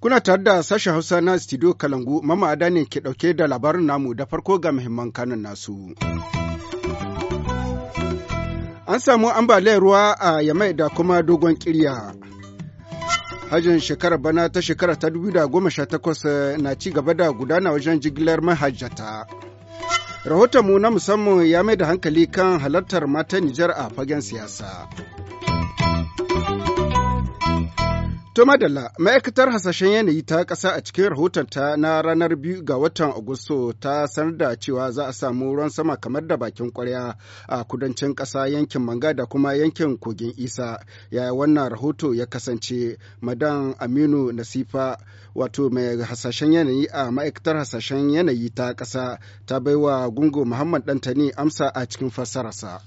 Kuna tare da sashen Hausa na studio Kalangu, Mama Ada ne ke ɗauke da labarin namu da farko ga muhimman kanun nasu. An samu ambaliyar ruwa a Yamai da kuma dogon kirya. hajjin shekarar bana ta shekarar ta 2018 eh, na ci gaba da gudana wajen jigilar mahajjata. Rahotonmu na musamman ya mai da hankali kan halartar matan Nijar a fagen siyasa. To madalla, ma'aikatar hasashen yanayi ta ƙasa a cikin rahoton ta na ranar biyu ga watan Agusto ta sanar da cewa za a samu ruwan sama kamar da bakin ƙwarya a kudancin ƙasa yankin Manga da kuma yankin Kogin Isa. Yaya wannan rahoto ya kasance madan Aminu Nasifa wato mai hasashen yanayi a ma'aikatar hasashen yanayi ta ƙasa ta baiwa Gungu Muhammad Dantani amsa a cikin fassararsa.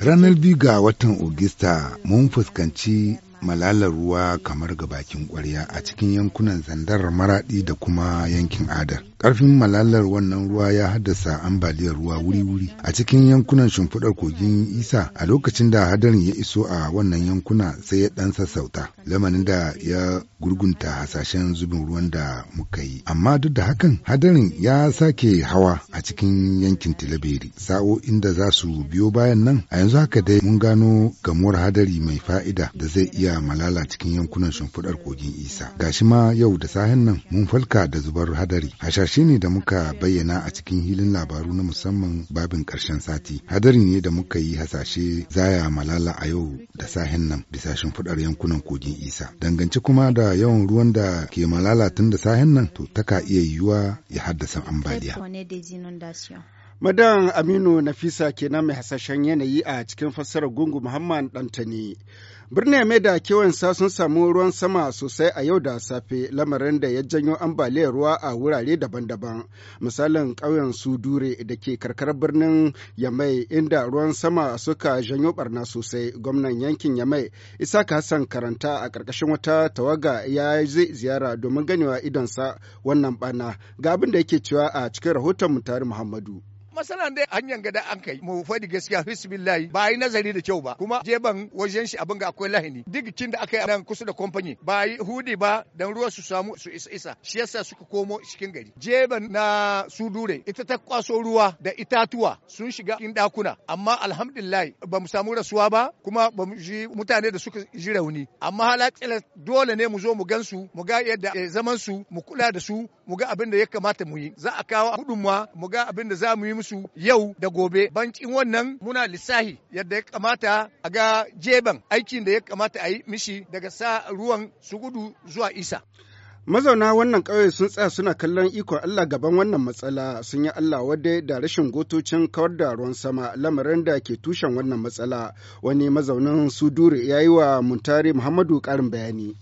Ranar biyu ga watan Ogista mun fuskanci malalar ruwa kamar ga bakin kwarya a cikin yankunan zandar maradi da kuma yankin adar. Ƙarfin malalar wannan ruwa ya haddasa ambaliyar ruwa wuri-wuri a cikin yankunan shimfiɗar kogin Isa a lokacin da hadarin ya iso a wannan yankuna sai ya ɗan sassauta, lamanin da ya gurgunta hasashen zubin ruwan da muka yi. Amma duk da hakan hadarin ya sake hawa a cikin yankin Tilaberi. Sa'o'in da za su biyo bayan nan a yanzu haka dai mun gano gamuwar hadari mai fa'ida da zai iya malala cikin yankunan shimfiɗar kogin Isa. Gashi ma yau da sahen nan mun falka da zubar hadari. Shi ne da muka bayyana a cikin hilin labaru na musamman babin ƙarshen sati. Hadari ne da muka yi hasashe zaya malala a yau da sahin nan bisa shimfiɗar yankunan kogin Isa. dangance kuma da yawan ruwan da ke malala tun da sahin nan to taka iya yiwuwa ya haddasa ambaliya. Madan Aminu Nafisa kenan mai hasashen yanayi a cikin fassarar Gungu Muhammad Dantani. Birnin mai da sa sun samu ruwan sama sosai a yau da safe lamarin da ya janyo ambaliyar ruwa a wurare daban-daban. Misalin ƙauyen Sudure da ke karkar birnin Yamai inda ruwan sama suka janyo barna sosai. Gwamnan yankin Yamai isa ka Hassan karanta a ƙarƙashin wata tawaga ya zai ziyara domin ganewa idonsa wannan bana ga abin da yake cewa a cikin rahoton mutari Muhammadu. masalan dai hanyar gada an kai mu fadi gaskiya bismillah ba yi nazari da kyau ba kuma jeban wajen shi abin ga akwai lahini cin da aka yi nan kusa da kamfani ba yi hudi ba dan ruwa su samu su isa isa shi yasa suka komo cikin gari jeban na su dure ita ta kwaso ruwa da itatuwa sun shiga cikin dakuna amma alhamdulillah ba mu samu rasuwa ba kuma ba mu ji mutane da suka ji rauni amma halakila dole ne mu zo mu gansu mu ga yadda eh, zaman su mu kula da su mu ga abin da ya kamata mu yi za a kawo gudunmuwa mu ga abin da za mu yi musu yau da gobe bancin wannan muna lissahi yadda ya kamata a ga jeban aikin da ya kamata a yi mishi daga sa ruwan su gudu zuwa isa mazauna wannan ƙauye sun tsaya suna kallon ikon Allah gaban wannan matsala sun yi Allah wadai da rashin gotocin kawar da ruwan sama lamarin da ke tushen wannan matsala wani mazaunin sudure ya yi wa muntari muhammadu ƙarin bayani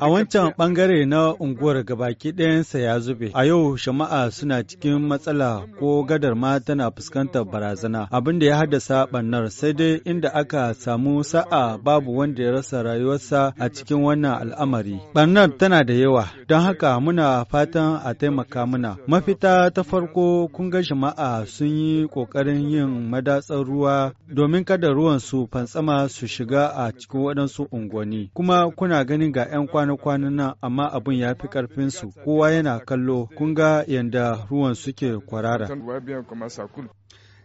A wancan bangare na unguwar gabaki ɗayansa ya zube. A yau shama'a suna cikin matsala ko gadar ma tana fuskantar barazana. Abin da ya haddasa bannar sai dai inda aka samu sa'a babu wanda ya rasa rayuwarsa a cikin wannan al'amari. Bannar tana da yawa Don haka muna fatan a taimaka muna. Mafita ta farko kun ga jama'a sun yi ƙoƙarin yin madatsar ruwa domin kada ruwan su fantsama su shiga a cikin waɗansu unguwanni. Kuma kuna ganin ga 'yan kwana-kwanan nan amma abin ya fi ƙarfinsu. Kowa yana kallo kun ga yadda ruwan suke kwarara.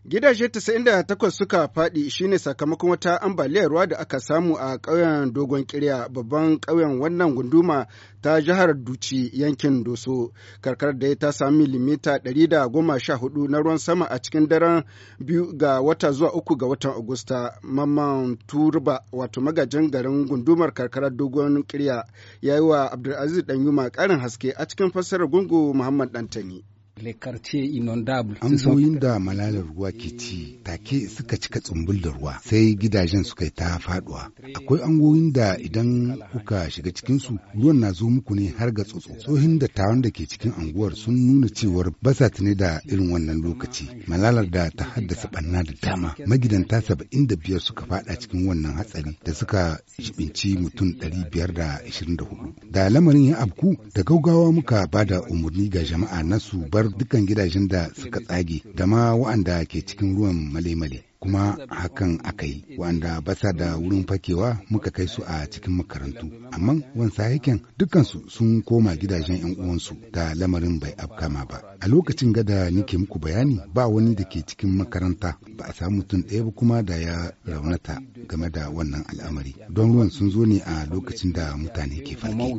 Gidaje 98 suka faɗi shine sakamakon wata ambaliyar ruwa da aka samu a ƙauyen Dogon Kirya babban ƙauyen wannan gunduma ta jihar Duci yankin Doso. Karkar da ta sami sha 114 na ruwan sama a cikin daren biyu ga wata zuwa uku ga watan Agusta. Mamman Turba wato magajin garin gundumar karkarar Dogon Kirya ya yi wa Abdulaziz Danyuma ƙarin haske a cikin fassarar gungu Muhammad Dantani. An Amsoyin da malalar ruwa ke ci take suka cika tsumbul da ruwa sai gidajen suka yi ta faduwa. Akwai angoyin da idan kuka shiga cikinsu ruwan na zo muku ne har ga tsotso. Tsohin da tawon da ke cikin anguwar sun nuna cewar ba sa tune da irin wannan lokaci. Malalar da ta haddasa banna da dama. Magidanta saba'in da biyar suka fada cikin wannan hatsari da suka shibinci mutum ɗari biyar da ashirin da hudu. Da lamarin ya abku da gaugawa muka ba da umarni ga jama'a na su bar shawarar dukkan gidajen da suka tsage da ma wa'anda ke cikin ruwan male-male. kuma hakan aka yi wa'anda basa da wurin fakewa muka kai su a cikin makarantu amma wansa yakin dukansu sun koma gidajen yan uwansu da lamarin bai afkama ba a lokacin gada nike muku bayani ba wani da ke cikin makaranta ba a samu mutum ɗaya ba kuma da ya raunata game da wannan al'amari don ruwan sun zo ne a lokacin da mutane ke farke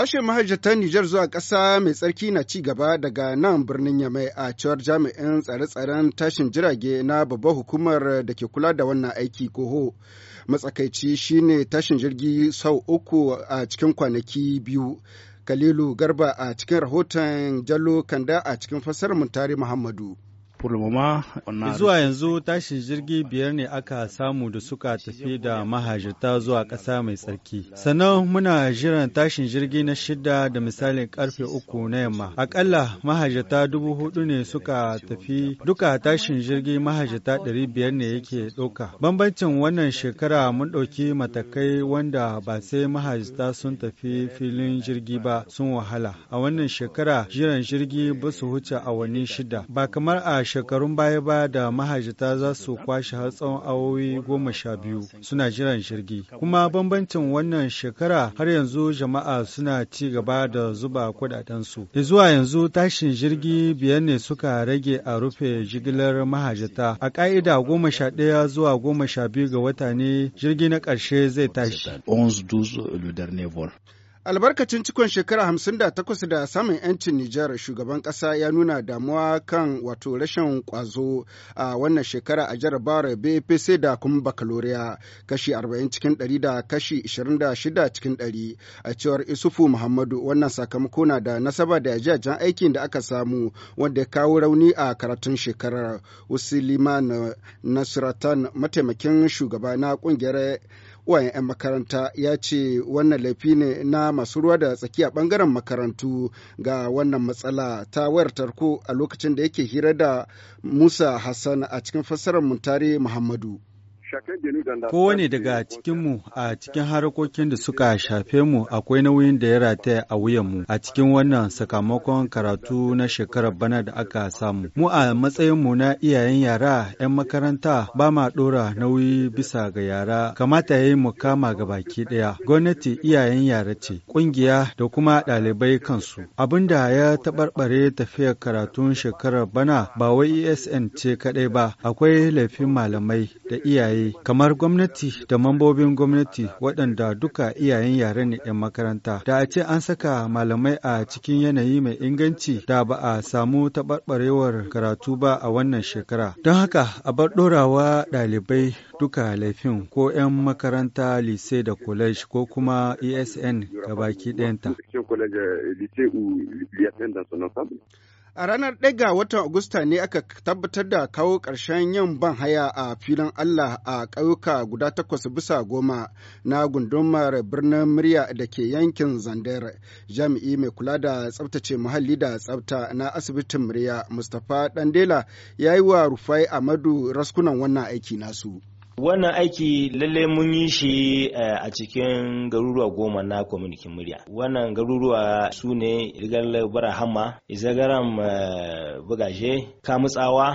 Tashin mahajjatan Nijar zuwa ƙasa mai tsarki na ci gaba daga nan birnin Yamai a cewar jami'in tsare-tsaren tashin jirage na babbar hukumar da ke kula da wannan aiki koho. Matsakaici shine tashin jirgi sau uku a cikin kwanaki biyu. Kalilu Garba a cikin rahoton Jallo Kanda a cikin fassarar Muntari Muhammadu. Zuwa yanzu tashin jirgi biyar ne aka samu da suka tafi da mahajirta zuwa ƙasa mai tsarki. Sannan muna jiran tashin jirgi na shida da misalin karfe uku na yamma. Akalla mahajirta dubu hudu ne suka tafi duka tashin jirgi mahajirta ɗari biyar ne yake ɗauka. Bambancin wannan shekara mun ɗauki matakai wanda ba sai mahajirta sun tafi filin jirgi ba sun wahala. A wannan shekara jiran jirgi ba su wuce awanni shida. Ba kamar a shekarun baya ba da mahajata za su kwashe har tsawon awowi goma sha biyu suna jiran jirgi. Kuma bambancin wannan shekara har yanzu jama'a suna ci gaba da zuba kudadensu. E zuwa yanzu tashin jirgi biyar ne suka rage a rufe jigilar mahajata. A ka'ida goma sha ɗaya zuwa goma sha biyu ga wata ne jirgi na ƙarshe zai tashi. albarkacin cikon shekara hamsin da takwas da samun yancin nijar shugaban kasa ya nuna damuwa kan wato rashin kwazo a wannan shekara a jarabar bpc da kuma bakaloriya kashi 40 cikin 100 da kashi 26 cikin 100 a cewar isufu muhammadu wannan sakamako na da nasaba da jajen aikin da aka samu wanda ya kawo rauni a karatun shekarar usiliman nasratan mataimakin shugaba na kungiyar uwayen 'yan makaranta ya ce wannan laifi ne na masu ruwa da tsakiya bangaren makarantu ga wannan matsala ta wayar tarko a lokacin da yake hira da musa hassan a cikin fassarar muntare muhammadu Kowane daga cikinmu a cikin harkokin da suka shafe mu akwai nauyin da ya rataya a wuyanmu a cikin wannan sakamakon karatu na shekarar bana da aka samu. Mu a matsayinmu na iyayen yara 'yan makaranta ba ma ɗora nauyi bisa ga yara kamata ya yi mu kama ga baki ɗaya. Gwamnati iyayen yara ce, ƙungiya da kuma ɗalibai kansu. Abin da ya taɓarɓare tafiyar karatun shekarar bana ba wai ESN ce kaɗai ba, akwai laifin malamai da iyaye iyaye kamar gwamnati da mambobin gwamnati waɗanda duka iyayen yare ne 'yan makaranta. Da a ce an saka malamai a cikin yanayi mai inganci da ba a samu taɓarɓarewar karatu ba a wannan shekara. Don haka a bar ɗorawa ɗalibai duka laifin ko 'yan makaranta lise da college ko kuma ESN gabaki ɗayanta. A ranar ɗaga watan Agusta ne aka tabbatar da kawo ƙarshen yin ban haya a filin Allah a ƙauyuka guda takwas bisa goma na gundumar birnin murya da ke yankin Zandar. Jami'i mai kula da tsabtace muhalli da tsabta na asibitin murya Mustapha Dandela ya yi wa Rufai Amadu raskunan wannan aiki nasu. Wannan aiki lallai mun yi shi eh, a cikin garuruwa goma na kwamitin murya. Wannan garuruwa su ne Rigar Barahama, Izagaram eh, Bugaje, Kamutsawa,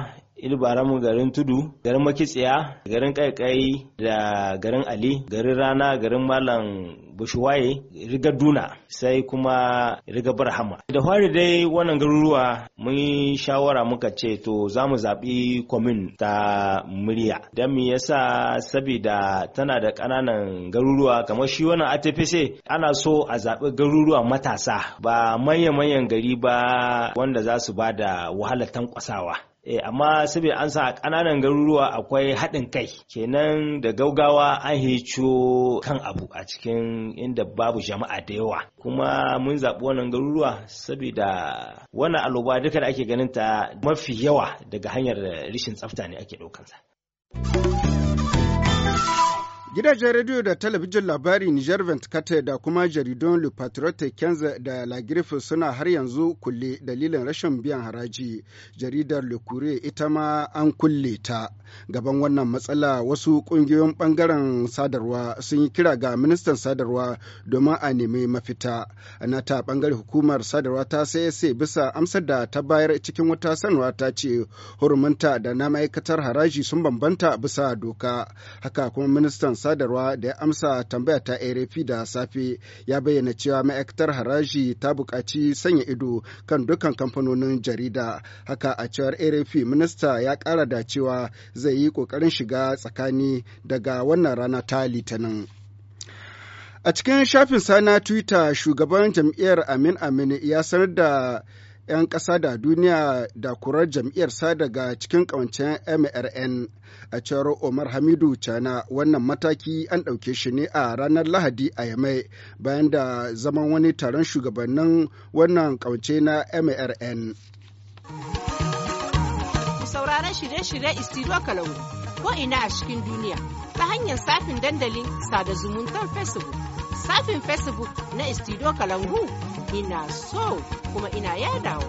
ilbaramu garin tudu garin makitsiya garin kaikai da garin ali garin rana garin malam bushwaye riga duna sai kuma riga barhama da fari dai wannan garuruwa mun shawara muka ce to za mu zaɓi komin ta murya don me yasa sabida tana da ƙananan garuruwa kamar shi wannan atfc ana so a zaɓi garuruwa matasa ba manya-manyan gari ba wanda za su ba da wahalar tankwasawa eh, amma saboda an sa a ƙananan garuruwa akwai haɗin kai kenan da gaugawa an hico kan abu a cikin inda babu jama'a da yawa kuma mun zaɓi wannan garuruwa saboda wannan aloba duka da ake ganin ta mafi yawa daga hanyar rishin tsafta ne ake ɗaukansa. Gidajen rediyo da talabijin labari Niger Kate da kuma jaridun Le Patriote Kenza da La Griffe suna har yanzu kulle dalilin rashin biyan haraji. Jaridar Le Courrier ita ma an kulle ta. Gaban wannan matsala wasu ƙungiyoyin bangaren sadarwa sun yi kira ga ministan sadarwa domin a nemi mafita. Ana ta bangare hukumar sadarwa ta sai bisa amsar da ta bayar cikin wata sanarwa ta ce hurumunta da na ma'aikatar haraji sun bambanta bisa doka. Haka kuma ministan sadarwa da ya amsa tambaya ta ARP da safe ya bayyana cewa ma'aikatar haraji ta buƙaci sanya ido kan dukkan kamfanonin jarida. Haka a cewar ARP minista ya ƙara da cewa zai yi ƙoƙarin shiga tsakani daga wannan rana ta Litinin. A cikin shafin sana Twitter shugaban jam'iyyar Amin Amin ya sanar da 'yan ƙasa da duniya da kurar sa daga cikin ƙawancen MRN. A cewar Omar Hamidu Cana wannan mataki an ɗauke shi ne a ranar Lahadi a Yamai bayan da zaman wani taron shugabannin wannan ƙawance na MRN. Sauraron shirye-shirye Istiro Kalau ko ina a cikin duniya ta hanyar safin dandalin sada zumuntar Facebook. Safin Facebook na Istiro Kalangu ina so kuma ina yadawa.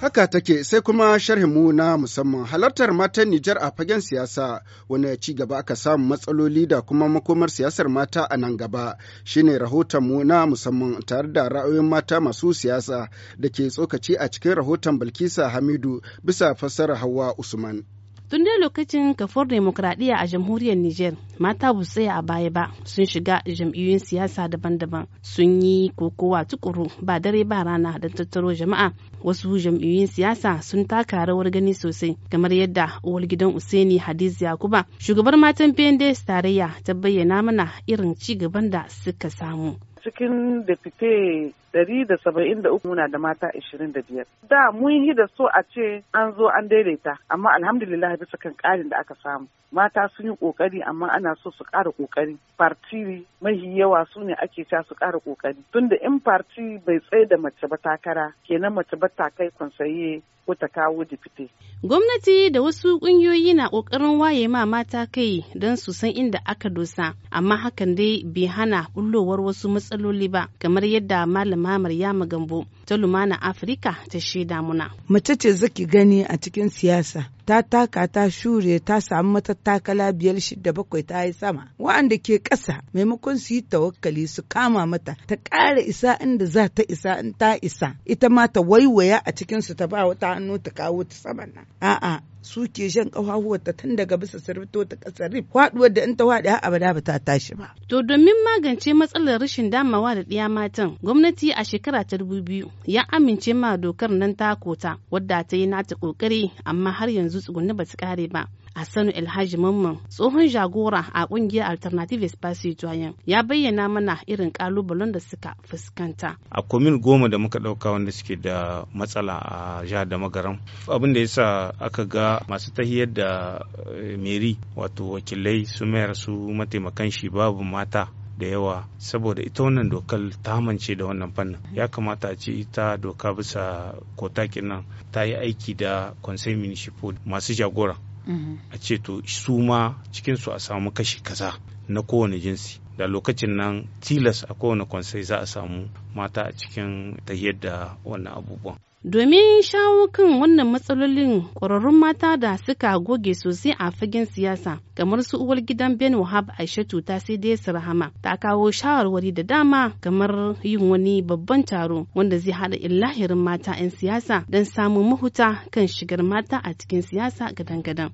Haka take sai kuma sharhinmu na musamman halartar matan Nijar a fagen siyasa wani ci gaba aka samu matsaloli da kuma makomar siyasar mata a nan gaba shine rahotonmu na musamman tare da ra'ayoyin mata masu siyasa da ke tsokaci a cikin rahoton Bilkisa Hamidu bisa fassara Hauwa Usman. tun da lokacin kafar demokradiyya a jamhuriyar niger mata bu tsaya a baya ba sun shiga jam'iyyun siyasa daban-daban sun yi kokowa tukuru ba dare ba rana don tattaro jama'a wasu jam'iyyun siyasa sun taka rawar gani sosai kamar yadda uwar gidan useni hadiz yakuba shugabar matan Bende tarayya ta bayyana mana irin ci gaban da suka samu cikin dafite ɗari da saba'in da uku muna da mata ishirin da biyar. Da mun yi da so a ce an zo an daidaita amma alhamdulillah bisa kan ƙarin da aka samu. Mata sun yi ƙoƙari amma ana so su ƙara ƙoƙari. parti mahi yawa su ne ake ca su ƙara ƙoƙari. Tunda in parti bai tsaye da mace ba takara kenan mace ba ta kai kwansaye ko ta kawo dipite. Gwamnati da wasu ƙungiyoyi na ƙoƙarin waye ma mata kai don su san inda aka dosa amma hakan dai bai hana bullowar wasu matsaloli ba kamar yadda malam malama Maryama Gambo ta Lumana Afirka ta shaida muna. Mace ce zaki gani a cikin siyasa ta taka ta shure ta samu matattakala biyar shida bakwai ta yi sama wa'anda ke ƙasa maimakon su yi tawakkali su kama mata ta ƙara isa inda za ta isa in ta isa ita ma ta waiwaya a cikin su ta ba wata hannu ta kawo ta saman nan a'a su ke shan ƙafafuwarta tun daga bisa sarbito ta ƙasar rif faɗuwar da in ta faɗi a abada ba ta tashi ba. To domin magance matsalar rashin damawa da ɗiya matan gwamnati a shekara ta dubu biyu ya amince ma dokar nan ta kota wadda ta yi nata ƙoƙari amma har yanzu tsugunni ba su kare ba. a sanu Elhaji Mamman tsohon jagora a kungiyar Alternative Espace Joyen ya bayyana mana irin kalubalen da suka fuskanta. A komin goma da muka ɗauka wanda suke da matsala a jihar da magaram. Abin da yasa aka ga masu tahiyar da eh, meri wato wakilai su mayar su mataimakan shi babu mata da yawa saboda ita wannan dokar ta hamance da wannan fannin ya kamata a ce ita doka bisa kotakin nan ta yi aiki da konsai municipal masu jagora mm-hmm. a ce to su ma cikinsu a samu kashi kaza na kowane jinsi da lokacin nan tilas a kowane kwansai za a samu mata a cikin tahiyar da wannan abubuwan domin shawo kan wannan matsalolin ƙwararrun mata da suka goge sosai a fagen siyasa kamar su uwar gidan ben wahab aishatu ta sai dai rahama ta kawo shawarwari da dama kamar yin wani babban taro wanda zai hada illahirin mata 'yan siyasa don samun mahuta kan shigar mata a cikin siyasa gadan-gadan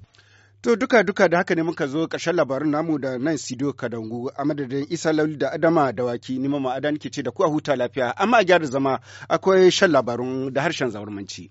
To duka duka da haka ne muka zo ƙarshen labarin namu da nan Sido Kadangu a madadin Isa Lauli da Adama Dawaki ni ma ma'adan ke ce da ku a huta lafiya amma a gyara zama akwai shan labarun da harshen zaurmanci.